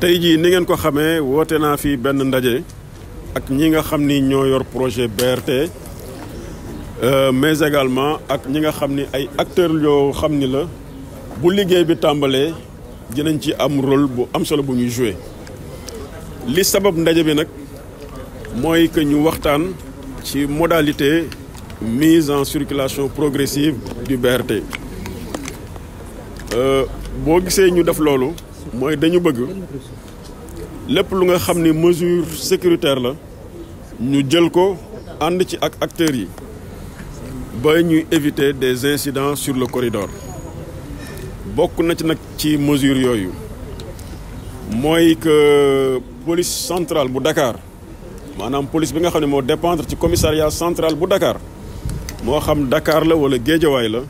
tey jii ni ngeen ko xamee woote naa fi benn ndaje ak ñi nga xam ni ñoo yor projet BRT euh, mais également ak ñi nga xam ni ay acteurs yoo xam ni la bu liggéey bi tàmbalee dinañ ci am rôle bu am solo bu ñuy joué li sabab ndaje bi nag mooy que ñu waxtaan ci modalité mise en circulation progressive du BRT euh, boo gisee ñu def loolu mooy dañu bëgg lépp lu nga xam ni mesure sécuritaire la ñu jël ko ànd ci ak acteurs yi ba ñuy éviter des incidents sur le corridor bokk na ci nag ci mesure yooyu mooy que police centrale bu dakaar maanaam police bi nga xam ne moo dépendre ci commissariat centrale bu dakaar moo xam Dakar la wala Géejawaay la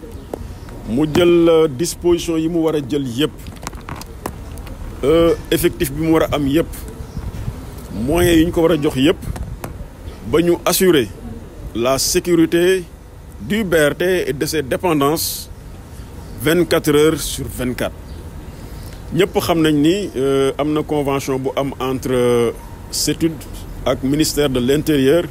mu jël disposition yi mu war a jël yépp Euh, effectif bi mu war a am yëpp moyens yi ñu ko war a jox yëpp ba ñu assurer la sécurité du BRT et dépendance ses vingt quatre heures sur vingt quatre ñëpp xam nañ ni euh, am na convention bu am entre CETUD ak ministère de l' intérieur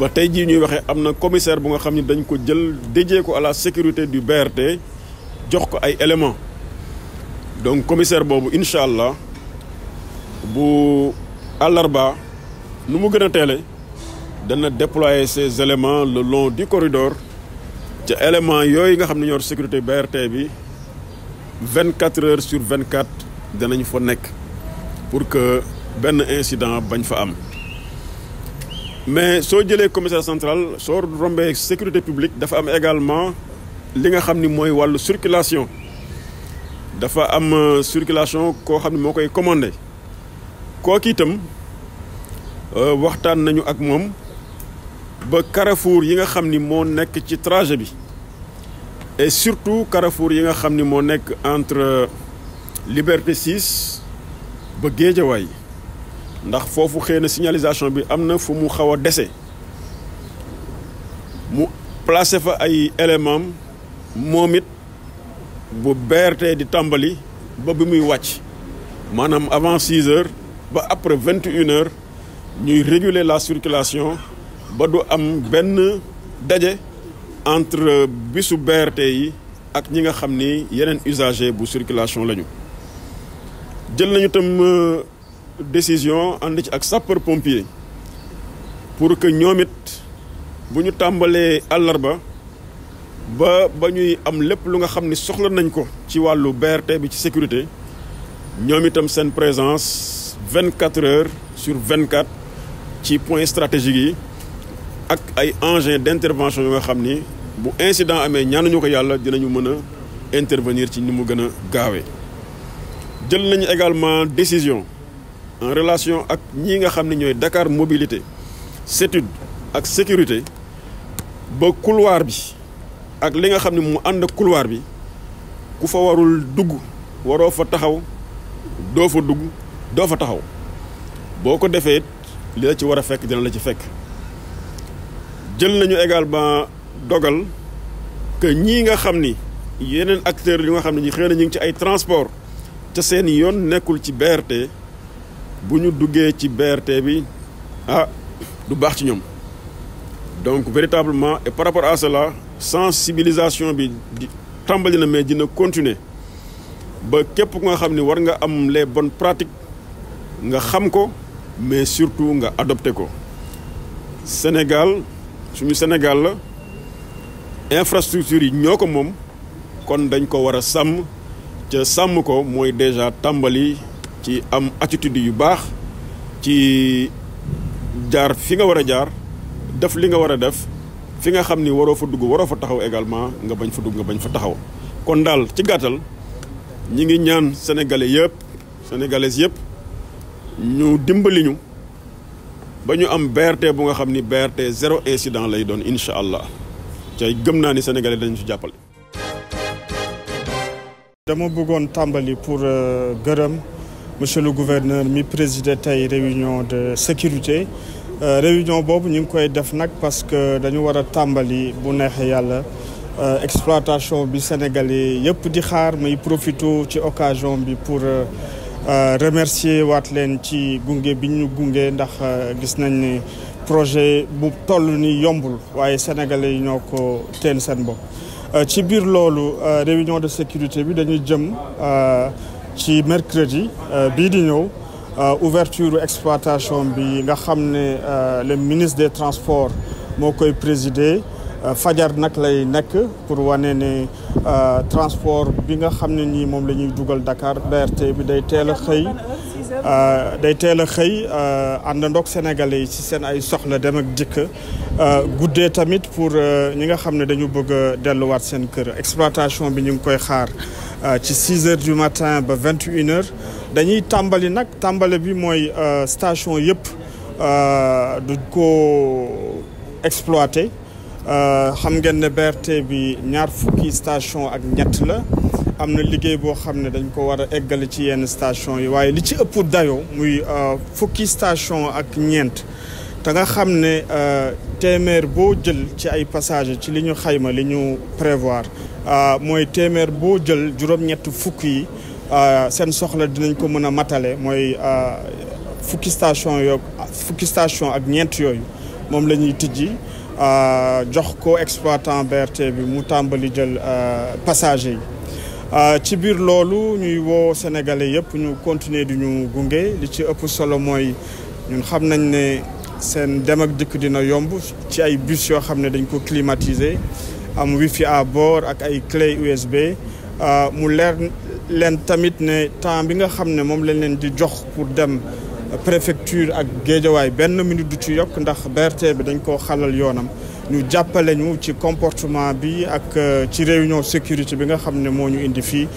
ba tey jii ñuy waxee am na commissaire bu nga xam ni dañ ko jël déjee ko à la sécurité du BRT jox ko ay éléments. donc commissaire boobu incha allah bu àllarba nu mu gën a teele dana déployer ces éléments le long du corridor ca éléments yooyu nga xam ne ñoor sécurité BRT bi vingt quatre heures sur vingt quatre danañ fa nekk pour que benn incident bañ fa am mais soo jëlee commissaire central soo rombee sécurité publique dafa am également li nga xam ni mooy wàllu circulation dafa am euh, circulation koo xam ne moo koy commandé kooku itam euh, waxtaan nañu ak moom ba carrefour yi nga xam ni moo nekk ci trajet bi et surtout carrefour yi nga xam ni moo nekk entre euh, Liberté 6 ba Géejawaay ndax foofu xëy na signalisation bi am na fu mu xaw a dese mu placé fa ay éléments moom it bu BRT di tàmbali ba bi muy wàcc maanaam avant six heures ba après vingt et heures ñuy réguler la circulation ba du am benn daje entre bisu BRT yi ak ñi nga xam ni yeneen usager bu circulation lañu jël nañu tam euh, décision ànd ak sapeur pompier pour que ñoom it bu ñu tàmbalee àllarba. ba ba ñuy am lépp lu nga xam ni soxla nañ ko ci wàllu BRT bi ci sécurité ñoom itam seen présence vingt quatre heures sur vingt quatre ci point stratégique yi ak ay engins d' intervention yu nga xam ni bu incident amee ñaanuñu ko yàlla dinañu mën a intervenir ci ni mu gën a gaawee. jël nañu également décision en relation ak ñi nga xam ni ñooy Dakar mobilité CETUD ak sécurité ba couloir bi. ak li nga xam ne mu ànd couloir bi ku fa warul dugg waroo fa taxaw doo fa dugg doo fa taxaw boo ko defee li la ci war a fekk dina la ci fekk jël nañu également dogal que ñii nga xam ni yeneen acteurs yu nga xam ne ñi xëy na ngi ci ay transport ca seen yoon nekkul ci BRT bu ñu duggee ci BRT bi ah du baax ci ñoom donc véritablement et par rapport à cela sensibilisation bi tàmbali na mais dina continuer ba képp ku nga xam ni war nga am les bonnes pratique nga xam ko mais surtout nga adopté ko Sénégal suñu Sénégal la infrastructure yi ñoo ko moom kon dañ ko war a sàmm ca sàmm ko mooy déjà tàmbali ci am attitude yu baax ci jaar fi nga war a jaar def li nga war a def fi nga xam ni waroo fa dugg waroo fa taxaw également nga bañ fa dugg nga bañ fa taxaw kon daal ci gàttal ñi ngi ñaan sénégalais yëpp sénégalaises yëpp ñu dimbali ñu ba ñu am BRT bu nga xam ni BRT zéro incident lay doon incha allah tey gëm naa ni sénégalais dañu ci jàppale. dama bëggoon tàmbali pour euh, gërëm monsieur le gouverneur mi présider tey réunion de sécurité. Euh, réunion boobu ñu ngi koy def nag parce que dañu war a tàmbali bu neexee yàlla euh, exploitation bi sénégalais yëpp di xaar may profito ci occasion bi pour euh, remercier waat leen ci gunge bi ñu gungee ndax gis nañ ni projet bu toll ni yombul waaye sénégalais yi ñoo ko teen seen bopp. ci biir loolu réunion de sécurité bi dañu jëm ci mercredi bii di ñëw. Euh, ouverture exploitation bi nga xam ne euh, le ministre des transports moo koy présider euh, fajar nag lay nekk pour wane ne transport bi nga xam ne nii moom la ñuy dugal Dakar BRT bi day teel a xëy day teel a xëy àndandoog sénégalais yi ci seen ay soxla dem ak dikk guddee tamit pour ñi nga xam ne dañu bëgg delluwaat seen kër exploitation bi ñu ngi koy xaar Euh, ci 6 heures du matin ba 21 heures dañuy tàmbali nag tàmbali bi mooy euh, station yëpp euh, du ko exploité xam ngeen ne BRT bi ñaar fukki station ak ñett la am na liggéey boo xam ne dañ ko war a eggale ci yenn station yi waaye li ci ëpp dayoo muy fukki station ak ñeent te nga xam ne téeméer boo jël ci ay passager ci li ñu xayma li ñu prévoir Euh, mooy téeméer boo jël juróom-ñett fukk yi euh, seen soxla dinañ ko mën a matale mooy euh, fukki station yoo fukki station ak ñeent yooyu moom la ñuy tijji jox ko exploitant BRT bi mu tàmbali jël passager yi ci biir loolu ñuy woo sénégalais yëpp ñu continuer di ñu gunge li ci ëpp solo mooy ñun xam nañ ne seen dem ak dikk dina yomb ci ay bus yoo xam ne dañ ko climatiser am wifi à bord ak ay clé USB euh, mu leer leen tamit ne temps bi nga xam ne moom lañ leen di jox pour dem préfecture ak géejawaay benn minute du ci yokk ndax BRT bi dañ koo xalal yoonam ñu jàppale ñu ci comportement bi ak euh, ci réunion sécurité bi nga xam ne moo ñu indi fii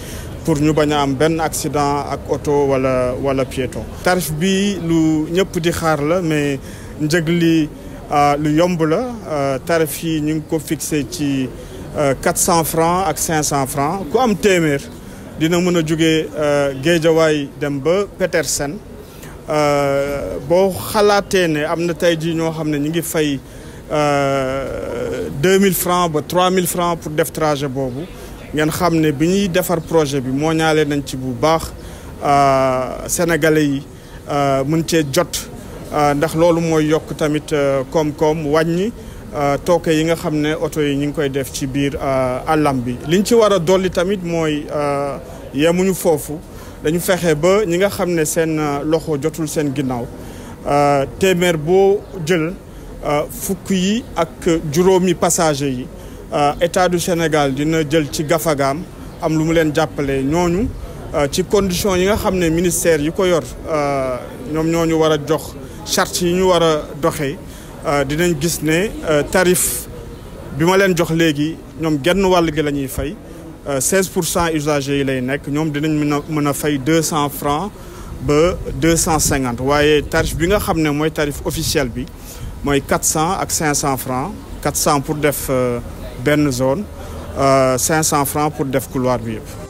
pour ñu bañ a am benn accident ak oto wala wala piéton tarif bi lu ñëpp di xaar la mais njëg li Euh, lu yomb la euh, tarif yi ñu ngi ko fixé ci euh, quatre cent francs ak cinq cent francs ku am téeméer dina mën a jóge géejawaay dem ba Petersen boo xalaatee ne am na tey jii ñoo xam ne ñu ngi fay deux mille francs ba trois mille francs pour def trajet boobu ngeen xam ne bi ñuy defar projet bi moo ñaalee nañ ci bu baax sénégalais yi mun cee jot Euh, ndax loolu mooy yokk tamit euh, koom-koom wàññi euh, tooke yi nga xam ne oto yi ñu ngi koy def ci biir àllam bi liñ ci war a dolli tamit mooy yemuñu foofu dañu fexe ba ñi nga xam ne seen loxo jotul seen ginnaaw téeméer boo jël fukk yi ak juróomi passager yi état du Sénégal dina jël ci gafagaam am lu mu leen jàppale ñooñu ci condition yi nga xam ne ministère yi ko yor ñoom ñooñu war a jox chartes yi ñu war a doxee euh, dinañ gis ne euh, tarif bi ma leen jox léegi ñoom genn wàll gi la ñuy fay 16 euh, pour cent usagers yi lay nekk ñoom dinañ mën a mën a fay 200 francs ba 250 waaye tarif bi nga xam ne mooy tarif officiel bi mooy 400 ak 500 francs 400 pour def benn zone 500 francs pour def couloir bi yëpp.